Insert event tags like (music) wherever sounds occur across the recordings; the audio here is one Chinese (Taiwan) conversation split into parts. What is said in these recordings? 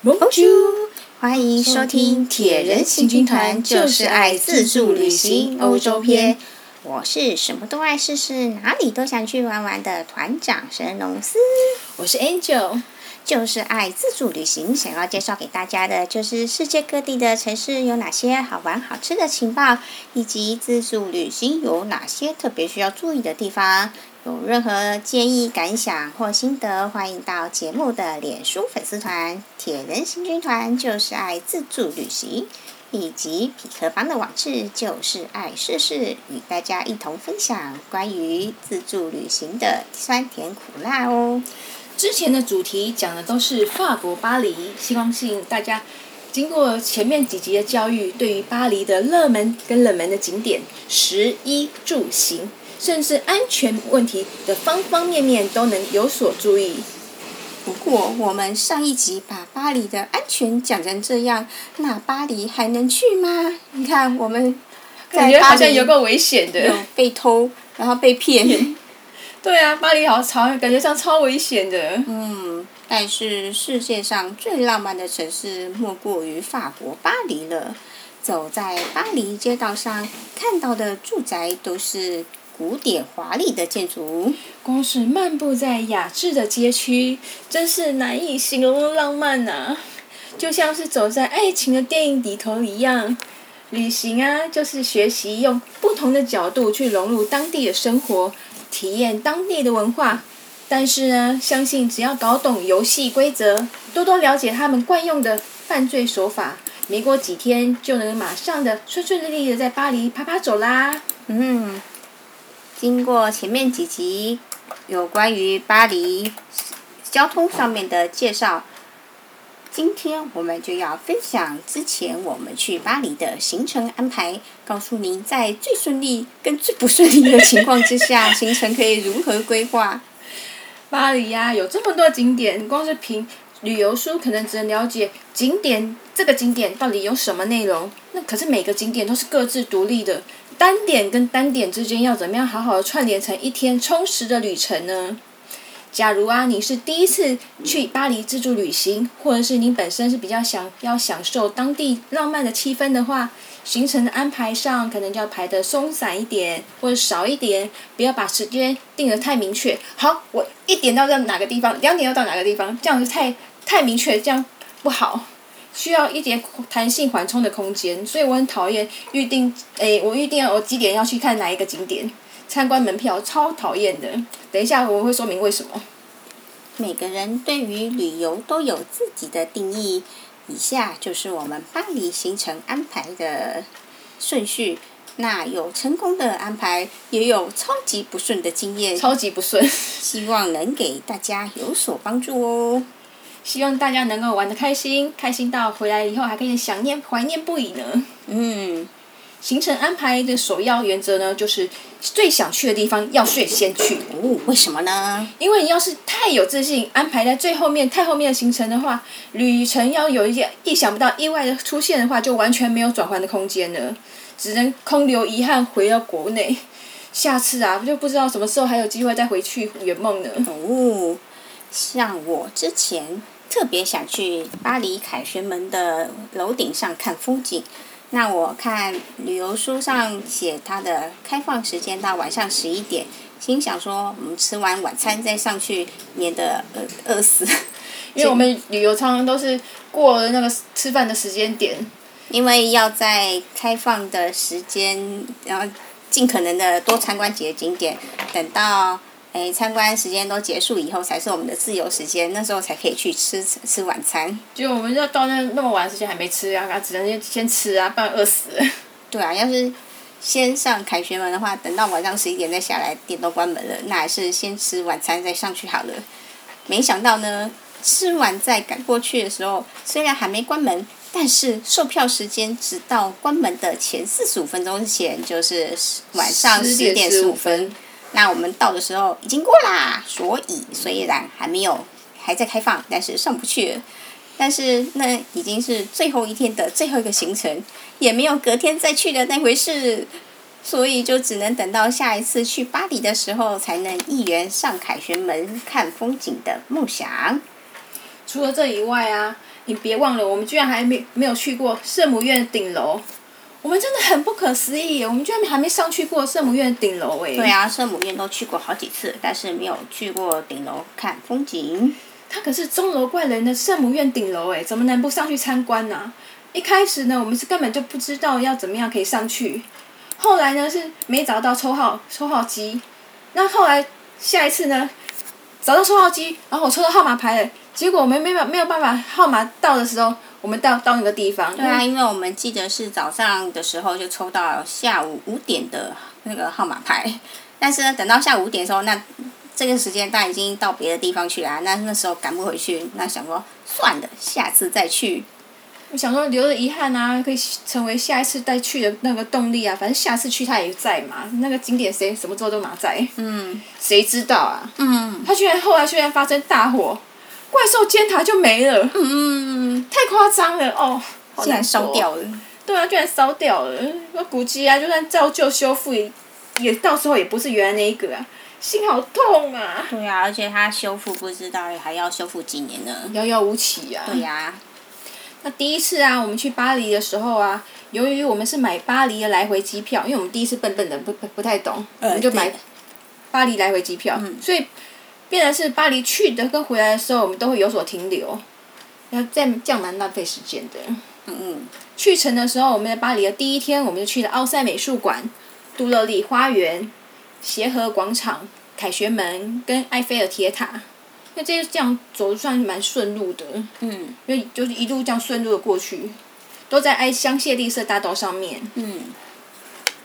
Bonjour, 歡迎收聽《收聽鐵人行軍團》，就是愛自助旅行歐洲篇。我是什麼都愛試試，哪裡都想去玩玩的團長神龍司。我是 Angel。就是愛自助旅行，想要介紹給大家的，就是世界各地的城市有哪些好玩好吃的情報，以及自助旅行有哪些特別需要注意的地方。有任何建議、感想或心得，歡迎到節目的臉書粉絲團“鐵人行軍團”、“就是愛自助旅行”，以及匹克邦的網誌“就是愛試試”，與大家一同分享關於自助旅行的酸甜苦辣哦。之前的主題講的都是法國巴黎。希望性大家經過前面幾集的教育，對於巴黎的熱門跟冷門的景點、食衣住行，甚至安全問題的方方面面都能有所注意。不過，我們上一集把巴黎的安全講成這樣，那巴黎還能去嗎？你看，我們感覺好像有夠危險的，被偷，然後被騙。 (laughs) 對啊，巴黎好潮，感覺上超危險的。嗯，但是世界上最浪漫的城市莫過於法國巴黎了。走在巴黎街道上，看到的住宅都是古典華麗的建築。光是漫步在雅致的街區，真是難以形容浪漫吶、啊！就像是走在愛情的電影裡頭一樣。旅行啊，就是學習用不同的角度去融入當地的生活。體驗當地的文化，但是呢，相信只要搞懂遊戲規則，多多了解他們慣用的犯罪手法，沒過幾天就能馬上的順順利利的在巴黎趴趴走啦。嗯，經過前面幾集有關於巴黎交通上面的介紹，今天我們就要分享之前我們去巴黎的行程安排，告訴您在最順利跟最不順利的情況之下， (laughs) 行程可以如何規劃。巴黎呀，有這麼多景點，光是憑旅遊書可能只能了解景點，這個景點到底有什麼內容？那可是每個景點都是各自獨立的，單點跟單點之間要怎麼樣好好的串聯成一天充實的旅程呢？假如啊，你是第一次去巴黎自助旅行，或者是你本身是比較想要享受當地浪漫的氣氛的話，行程的安排上可能就要排得鬆散一點，或者少一點，不要把時間定得太明確。好，我一點到到哪個地方，兩點要到哪個地方，這樣子太太明確，這樣不好，需要一點彈性緩衝的空間。所以我很討厭預定，欸，我預定我幾點要去看哪一個景點。參觀門票超討厭的，等一下我會說明為什麼。每個人對於旅遊都有自己的定義，以下就是我們巴黎行程安排的順序。那有成功的安排，也有超級不順的經驗，超級不順，希望能給大家有所幫助哦。希望大家能夠玩得開心，開心到回來以後還可以想念、懷念不已呢。嗯。行程安排的首要原則呢，就是最想去的地方要最先去。哦，為什麼呢？因為你要是太有自信，安排在最後面，太後面的行程的話，旅程要有一些意想不到意外的出現的話，就完全沒有轉換的空間了，只能空留遺憾回到國內。下次啊，就不知道什麼時候還有機會再回去圓夢呢。哦，像我之前特別想去巴黎凱旋門的樓頂上看風景。那我看旅遊書上寫它的開放時間到晚上十一點，心想說我們吃完晚餐再上去，免得餓餓死。因為我們旅遊常常都是過了那個吃飯的時間點，因為要在開放的時間，然後盡可能的多參觀幾個景點，等到參觀時間都結束以後，才是我們的自由時間。那時候才可以去吃吃晚餐。就我們要到那那麼晚時間還沒吃啊，只能先先吃啊，不然餓死了。對啊，要是先上凱旋門的話，等到晚上十一點再下來，店都關門了。那還是先吃晚餐再上去好了。沒想到呢，吃完再趕過去的時候，雖然還沒關門，但是售票時間直到關門的前四十五分鐘前，就是晚上十一點十五分。那我們到的時候已經過啦，所以雖然還沒有還在開放，但是上不去了。但是那已經是最後一天的最後一個行程，也沒有隔天再去的那回事，所以就只能等到下一次去巴黎的時候，才能一圓上凱旋門看風景的夢想。除了這以外啊，你別忘了，我們居然還沒沒有去過聖母院頂樓。我們真的很不可思議，我們居然還沒上去過聖母院頂樓哎！對啊，聖母院都去過好幾次，但是沒有去過頂樓看風景。它可是鐘樓怪人的聖母院頂樓哎，怎麼能不上去參觀呢、啊？一開始呢，我們是根本就不知道要怎麼樣可以上去。後來呢，是沒找到抽號抽號機。那後來下一次呢，找到抽號機，然後我抽到號碼牌了，結果我們沒沒有沒有辦法號碼到的時候。我們到到那個地方。對啊、嗯，因為我們記得是早上的時候就抽到下午五點的那個號碼牌，但是呢，等到下午五點的時候，那這個時間他已經到別的地方去了，那那時候趕不回去，那想說算了，下次再去。我想說留着遺憾啊，可以成為下一次再去的那個動力啊。反正下次去他也在嘛，那個景點誰什麼時候都嘛在。嗯。誰知道啊？嗯。他居然後來居然發生大火。怪獸尖塔就沒了，嗯，太誇張了哦，竟然燒掉了，對啊，居然燒掉了，我估計啊，就算照舊修復，也也到時候也不是原來那一個啊，心好痛啊！對啊，而且它修復不知道還要修復幾年呢，遙遙無期啊！對呀，啊，那第一次啊，我們去巴黎的時候啊，由於我們是買巴黎的來回機票，因為我們第一次笨笨的不不太懂，我們就買巴黎來回機票，嗯，所以。變成是巴黎去的跟回來的時候，我們都會有所停留，要再這樣蠻浪費時間的。嗯，去程的時候，我們在巴黎的第一天，我們就去了奧賽美術館、杜樂麗花園、協和廣場、凱旋門跟埃菲爾鐵塔。那這些這樣走算是蠻順路的。嗯，因為就是一路這樣順路的過去，都在埃香榭麗舍大道上面。嗯。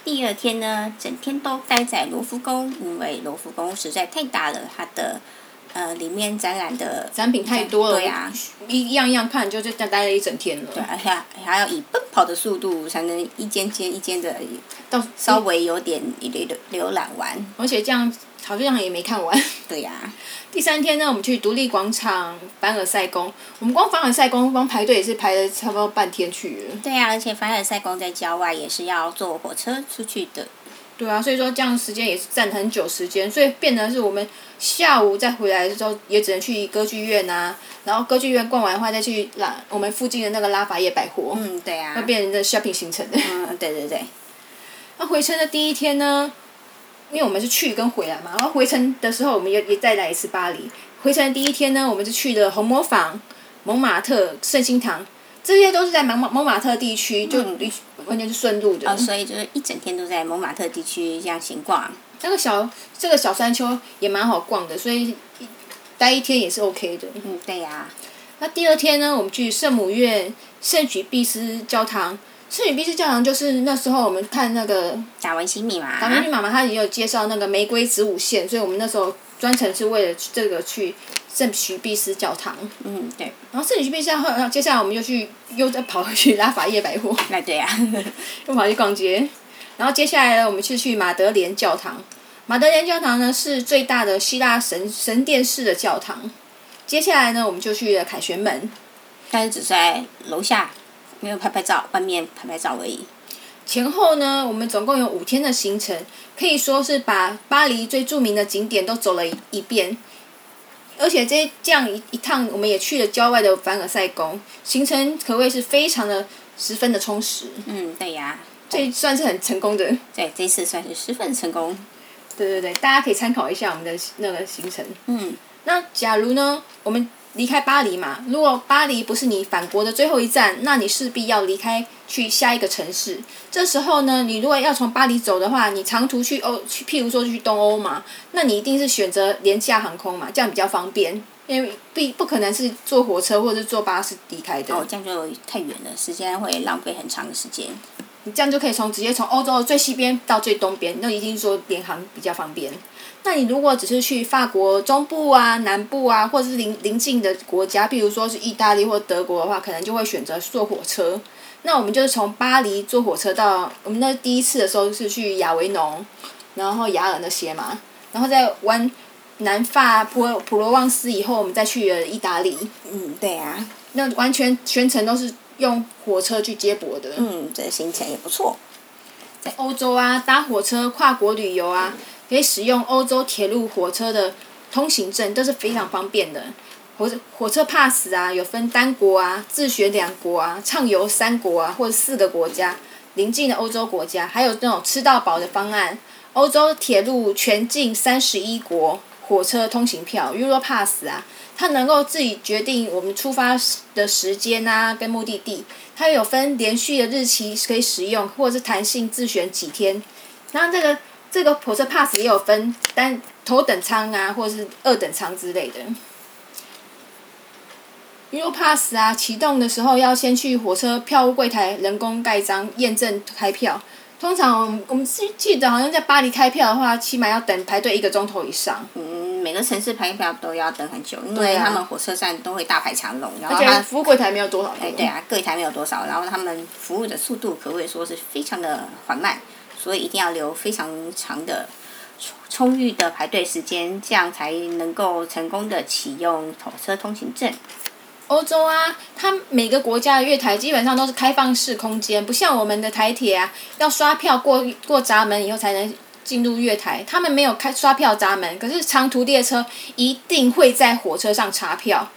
第二天呢，整天都待在羅浮宮，因為羅浮宮實在太大了，它的呃裡面展覽的展品太多了，對啊，一樣一樣看，就就待了一整天了。對啊，而且還要以奔跑的速度才能一間一間一間的到稍微有點一瀏覽完，而且這樣。好像也沒看完。 (laughs) 對呀、啊，第三天呢，我們去獨立廣場、凡爾賽宮。我們光凡爾賽宮光排隊也是排了差不多半天去了。對呀、啊，而且凡爾賽宮在郊外，也是要坐火車出去的。對啊，所以說這樣時間也是占很久時間，所以變成是我們下午再回來的時候，也只能去歌劇院啊。然後歌劇院逛完的話，再去拉我們附近的那個拉法葉百貨。嗯，對啊。會變成這 shopping 行程。 (laughs) 嗯，對對對。那、啊、回程的第一天呢？因為我們是去跟回來嘛，然後回程的時候，我們也也再來一次巴黎。回程的第一天呢，我們就去了紅磨坊、蒙馬特聖心堂，這些都是在蒙馬蒙馬特地區，就、嗯、完全是順路的。啊、哦，所以就是一整天都在蒙馬特地區這樣閒逛。那個小這個小山丘也蠻好逛的，所以待一天也是 OK 的。嗯，對呀、啊。那第二天呢，我們去聖母院、聖許必斯教堂。聖女碧斯教堂，就是那時候我們看那個《達文西密碼》，《達文西密碼》嘛，它也有介紹那個玫瑰子午線，所以我們那時候專程是為了這個去聖徐碧斯教堂。嗯，對。然後聖女徐碧斯教堂，然後接下來我們就去，又再跑回去拉法葉百貨。那對呀、啊， (laughs) 又跑去逛街。然後接下來呢，我們去去馬德蓮教堂。馬德蓮教堂呢是最大的希臘神神殿式的教堂。接下來呢，我們就去了凱旋門，但是只在樓下。沒有拍拍照，外面拍拍照而已。前後呢，我們總共有五天的行程，可以說是把巴黎最著名的景點都走了一，一遍。而且這這樣一一趟，我們也去了郊外的凡爾賽宮，行程可謂是非常的，十分的充實。嗯，對呀，這算是很成功的。對，這次算是十分成功。對對對，大家可以參考一下我們的那個行程。嗯，那假如呢，我們。離開巴黎嘛，如果巴黎不是你返國的最後一站，那你勢必要離開去下一個城市。這時候呢，你如果要從巴黎走的話，你長途去歐去，譬如說去東歐嘛，那你一定是選擇廉價航空嘛，這樣比較方便。因為不不可能是坐火車或者是坐巴士離開的，哦，這樣就太遠了，時間會浪費很長的時間。你這樣就可以從直接從歐洲的最西邊到最東邊，那一定說廉航比較方便。那你如果只是去法國中部啊、南部啊，或者是鄰鄰近的國家，譬如說是意大利或德國的話，可能就會選擇坐火車。那我們就是從巴黎坐火車到我們那第一次的時候是去亞維農，然後亞爾那些嘛，然後再玩南法普羅普羅旺斯以後，我們再去了意大利。嗯，對啊，那完全全程都是，用火車去接駁的，嗯，這心情也不錯。在歐洲啊，搭火車跨國旅遊啊，可以使用歐洲鐵路火車的通行證，都是非常方便的。火火車 pass 啊，有分單國啊、自選兩國啊、暢遊三國啊，或者四個國家鄰近的歐洲國家，還有那種吃到飽的方案。歐洲鐵路全境三十一國火車通行票，Europass 啊。它能夠自己決定我們出發的時間吶、啊，跟目的地。它有分連續的日期可以使用，或者是彈性自選幾天。然後這個這個火車 pass 也有分單，但頭等艙啊，或者是二等艙之類的。如果 pass 啊，啟動的時候要先去火車票務櫃台人工蓋章驗證開票。通常我們我們記記得好像在巴黎開票的話，起碼要等排隊一個鐘頭以上。每個城市排票都要等很久，因為他們火車站都會大排長龍，對、啊，然後而且服務櫃台沒有多少多、哎。對啊，櫃台沒有多少，嗯、然後他們服務的速度可謂說是非常的緩慢，所以一定要留非常長的、充充裕的排隊時間，這樣才能夠成功的啟用火車通行證。歐洲啊，他每個國家的月台基本上都是開放式空間，不像我們的台鐵啊，要刷票過過閘門以後才能。進入月台，他們沒有開刷票閘門，可是長途列車一定會在火車上查票。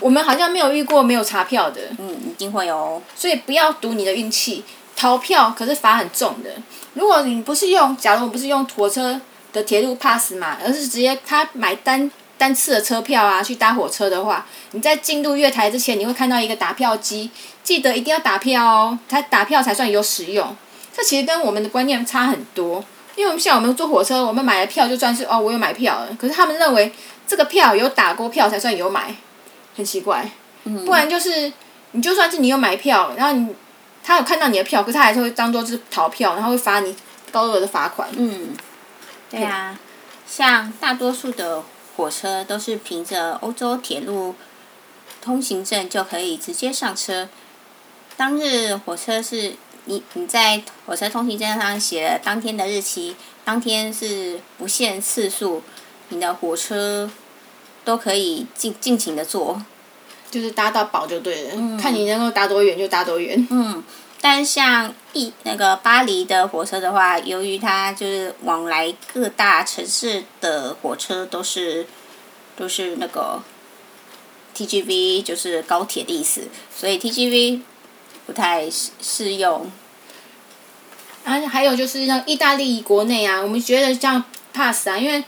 我們好像沒有遇過沒有查票的，嗯，一定會哦。所以不要賭你的運氣，逃票可是罰很重的。如果你不是用，假如我不是用火車的鐵路 pass 嘛，而是直接他買單單次的車票啊，去搭火車的話，你在進入月台之前，你會看到一個打票機，記得一定要打票哦，他打，打票才算有使用。這其實跟我們的觀念差很多。因為我們像我們坐火車，我們買了票就算是哦，我有買票。可是他們認為這個票有打過票才算有買，很奇怪。不然就是你就算是你有買票，然後你他有看到你的票，可是他還是會當做是逃票，然後會罰你高額的罰款。嗯，對啊，像大多數的火車都是憑着歐洲鐵路通行證就可以直接上車，當日火車是。你你在火車通行證上寫了當天的日期，當天是不限次數，你的火車都可以盡盡情的坐，就是搭到飽就對了，嗯、看你能夠搭多遠就搭多遠。嗯，但像一，那個巴黎的火車的話，由於它就是往來各大城市的火車都是都、就是那個 TGV，就是高鐵的意思，所以 TGV。不太適適用，而且、啊、還有就是像意大利國內啊，我們覺得像 pass 啊，因為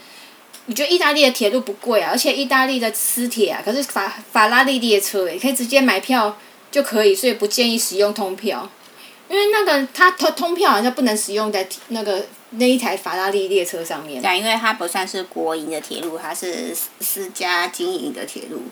我覺得意大利的鐵路不貴啊，而且意大利的私鐵、啊，可是法法拉利列車，你可以直接買票就可以，所以不建議使用通票，因為那個它通通票好像不能使用在那個那一台法拉利列車上面。對、啊，因為它不算是國營的鐵路，它是私家經營的鐵路。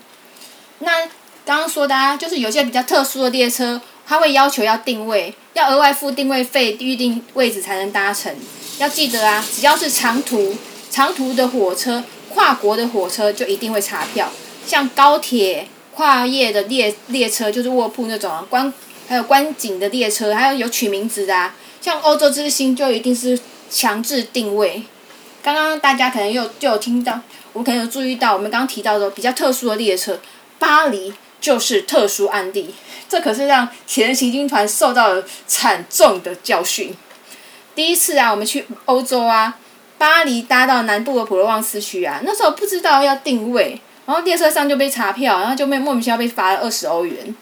那剛剛說的啊，就是有些比較特殊的列車，它會要求要定位，要額外付定位費，預定位置才能搭乘。要記得啊，只要是長途長途的火車、跨國的火車，就一定會查票。像高鐵、跨夜的列列車，就是臥鋪那種啊，觀，還有觀景的列車，還有有取名字的啊，像歐洲之星就一定是強制定位。剛剛大家可能有就有聽到，我可能有注意到，我們剛剛提到的比較特殊的列車，巴黎。就是特殊案例，這可是讓鐵人行軍團受到了慘重的教訓。第一次啊，我們去歐洲啊，巴黎搭到南部的普羅旺斯區啊，那時候不知道要定位，然後列車上就被查票，然後就被莫名其妙被罰了二十歐元。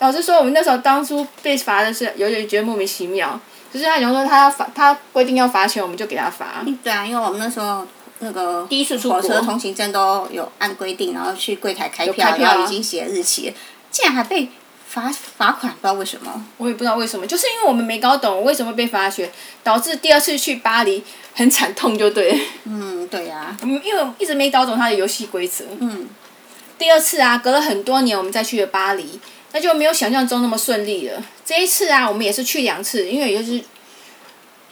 老實說，我們那時候當初被罰的是有點覺得莫名其妙，就是他有時候他要罰，他規定要罰錢，我們就給他罰。對啊，因為我們那時候。那個第一次火車通行證都有按規定，然後去櫃台開票，開票、啊、然後已經寫日期了，竟然還被罰罰款，不知道為什麼，我也不知道為什麼，就是因為我們沒搞懂為什麼被罰，學導致第二次去巴黎很慘痛，就對。嗯，對呀、啊。因為我們因為一直沒搞懂他的遊戲規則。嗯。第二次啊，隔了很多年，我們再去的巴黎，那就沒有想象中那麼順利了。這一次啊，我們也是去兩次，因為也、就是。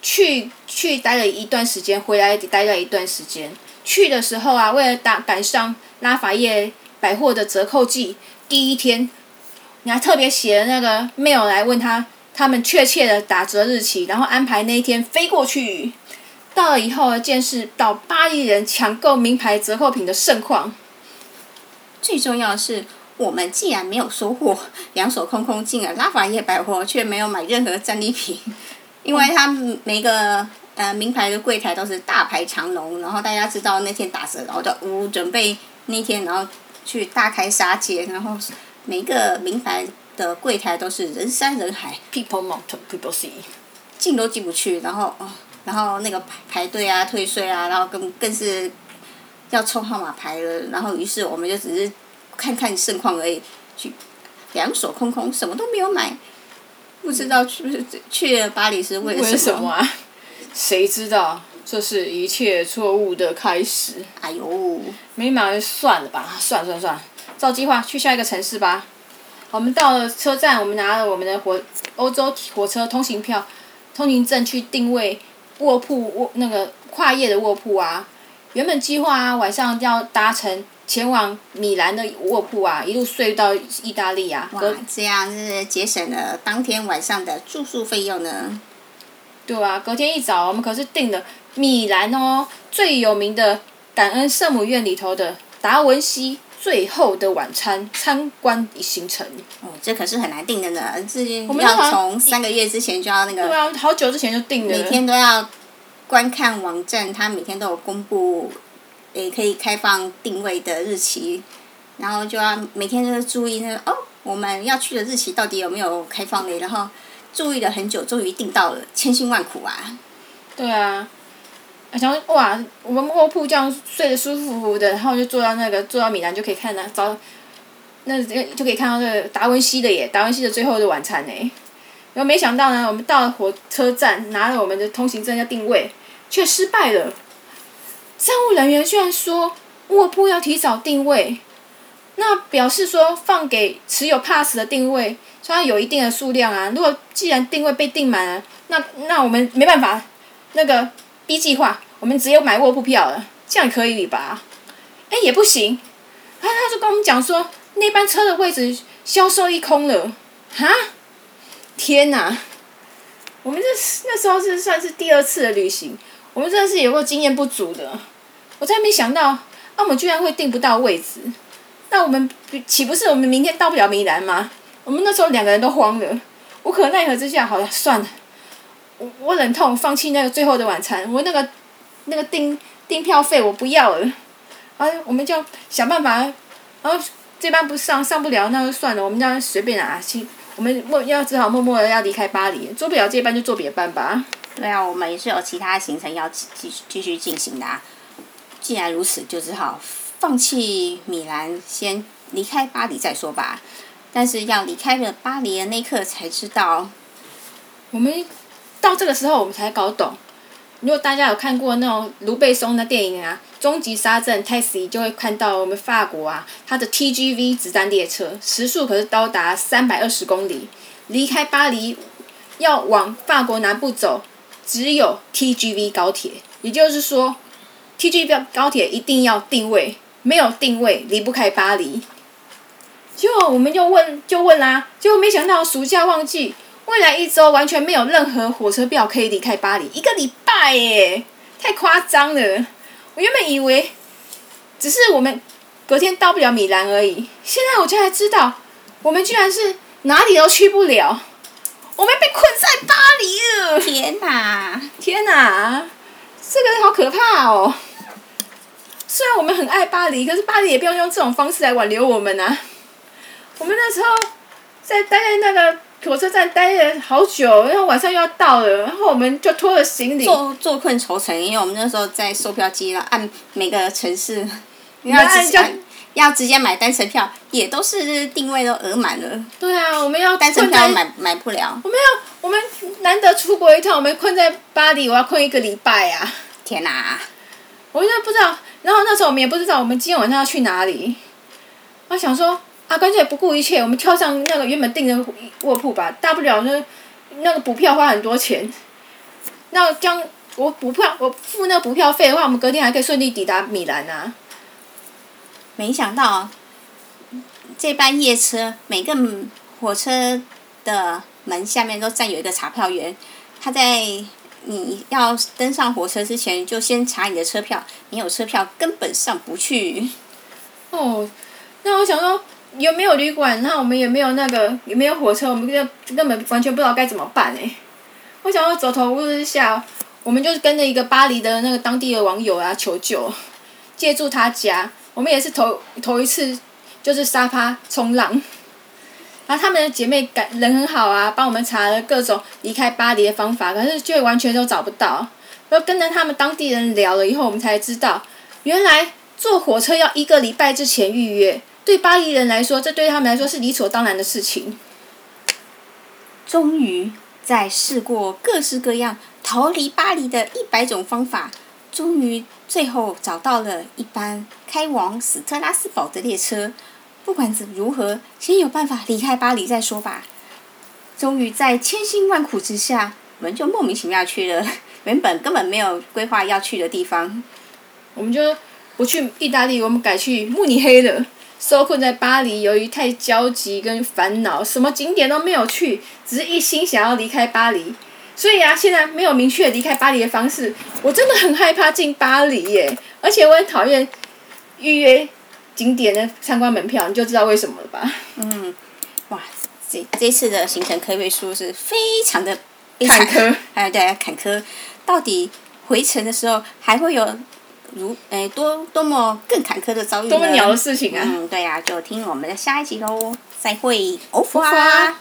去去待了一段時間，回來也待了一段時間。去的時候啊，為了趕趕上拉法葉百貨的折扣季，第一天，你還特別寫了那個 mail 來問他他們確切的打折日期，然後安排那一天飛過去。到了以後，見識到巴黎人搶購名牌折扣品的盛況。最重要的是，我們竟然沒有收穫，兩手空空進了拉法葉百貨，卻沒有買任何戰利品。因為他每個呃名牌的櫃檯都是大排長龍，然後大家知道那天打折，然後就嗚、哦、準備那天然後去大開殺戒，然後每個名牌的櫃檯都是人山人海，people mountain people sea 進都進不去，然後哦，然後那個排排隊啊退稅啊，然後更更是要抽號碼牌了，然後於是我們就只是看看盛況而已，去兩手空空，什麼都沒有買。不知道去去巴黎是為什麼，為什麼啊？誰知道這是一切錯誤的開始。哎呦，沒買算了吧，算算算，算，照計劃去下一個城市吧。我們到了車站，我們拿了我們的火歐洲火車通行票、通行證去定位臥鋪臥那個跨夜的臥鋪啊。原本計劃啊，晚上要搭乘。前往米蘭的臥鋪啊，一路睡到意大利啊，哇！這樣是，是節省了當天晚上的住宿費用呢。嗯、對啊，隔天一早我們可是訂了米蘭哦最有名的感恩聖母院裡頭的達文西最後的晚餐參觀行程。哦、嗯，這可是很難訂的呢，最近我們要從三個月之前就要、那個、就，要就要那個。對啊，好久之前就訂了。每天都要觀看網站，它每天都有公布。也可以開放定位的日期，然後就要每天都注意那個哦，我們要去的日期到底有沒有開放誒，然後注意了很久，終於訂到了，千辛萬苦啊！對啊，想說，哇，我們臥鋪這樣睡得舒服的，然後就坐到那個坐到米蘭就可以看到，找，那就可以看到這個達文西的耶，達文西的最後的晚餐嘞。然後沒想到呢，我們到了火車站，拿了我們的通行證要定位，卻失敗了。商務人員居然說臥鋪要提早定位，那表示說放給持有 pass 的定位，所以它有一定的數量啊。如果既然定位被訂滿了，那那我們沒辦法，那個 B 計劃，我們只有買臥鋪票了，這樣可以理吧？哎、欸，也不行，他他就跟我們講說那班車的位置銷售一空了，哈？天哪！我們這是那時候是算是第二次的旅行，我們真的是有過經驗不足的。我才沒想到，啊，我們居然會訂不到位置，那我們豈不是我們明天到不了米蘭嗎？我們那時候兩個人都慌了，無可奈何之下，好了，算了，我我忍痛放棄那個最後的晚餐，我那個那個訂訂票費我不要了，啊，我們就想辦法，啊，這班不上上不了，那就算了，我們這樣隨便啊，去，我們默要只好默默的要離開巴黎，做不了這班就做別班吧。對啊，我們也是有其他的行程要繼繼續繼續進行的啊。既然如此，就只好放棄米蘭，先離開巴黎再說吧。但是要離開了巴黎的那一刻才知道，我們到這個時候我們才搞懂。如果大家有看過那種盧貝松的電影啊，《終極殺陣》《Taxi》就會看到我們法國啊，它的 TGV 子彈列車時速可是高達三百二十公里。離開巴黎，要往法國南部走，只有 TGV 高鐵，也就是說。TGV 高鐵一定要定位，沒有定位離不開巴黎。就我們問就問就問啦，結果沒想到暑假旺季，未來一周完全沒有任何火車票可以離開巴黎，一個禮拜耶，太誇張了。我原本以為只是我們隔天到不了米蘭而已，現在我竟然知道，我們居然是哪裡都去不了，我們被困在巴黎了。天哪、啊！天哪、啊！可怕哦！雖然我們很愛巴黎，可是巴黎也不要用，用這種方式來挽留我們吶、啊。我們那時候在待在那個火車站待了好久，然後晚上又要到了，然後我們就拖着行李坐坐困愁城，因為我們那時候在售票機了，按每個城市，你要直接要直接買單程票，也都是定位都額滿了。對啊，我們要單程票買買不了。我們要我們難得出國一趟，我們困在巴黎，我要困一個禮拜啊。天哪、啊！我真的不知道。然後那時候我們也不知道，我們今天晚上要去哪裡。我想說，啊，乾脆不顧一切，我們跳上那個原本訂的臥鋪吧，大不了呢，那個補票花很多錢。那將我補票，我付那個補票費的話，我們隔天還可以順利抵達米蘭吶、啊。沒想到，這班夜車，每個火車的門下面都站有一個查票員，他在。你要登上火車之前，就先查你的車票。你有車票，根本上不去。哦，那我想說，有沒有旅館，那我們也沒有那個，也沒有火車，我們就根本完全不知道該怎麼辦哎。我想要走投無路之下，我們就跟着一個巴黎的那個當地的網友啊求救，借住他家，我們也是頭頭一次，就是沙發衝浪。然後他們的姐妹感人很好啊，幫我們查了各種離開巴黎的方法，可是卻完全都找不到。然後跟着他們當地人聊了以後，我們才知道，原來坐火車要一個禮拜之前預約。對巴黎人來說，這對他們來說是理所當然的事情。終於，在試過各式各樣逃離巴黎的一百種方法，終於最後找到了一班開往斯特拉斯堡的列車。不管怎如何，先有辦法離開巴黎再說吧。終於在千辛萬苦之下，我們就莫名其妙去了原本根本沒有規劃要去的地方。我們就不去意大利，我們改去慕尼黑了。受困在巴黎，由於太焦急跟煩惱，什麼景點都沒有去，只是一心想要離開巴黎。所以啊，現在沒有明確離開巴黎的方式，我真的很害怕進巴黎耶，而且我很討厭預約。景點的參觀門票，你就知道為什麼了吧？嗯，哇，這這次的行程，可以說是非常的坎坷，坎坷。哎，對、啊，坎坷。到底回程的時候還會有如多多麼更坎坷的遭遇？多麼鳥的事情啊！嗯，對呀、啊，就聽我們的下一集嘍，再會歐，歐服啊。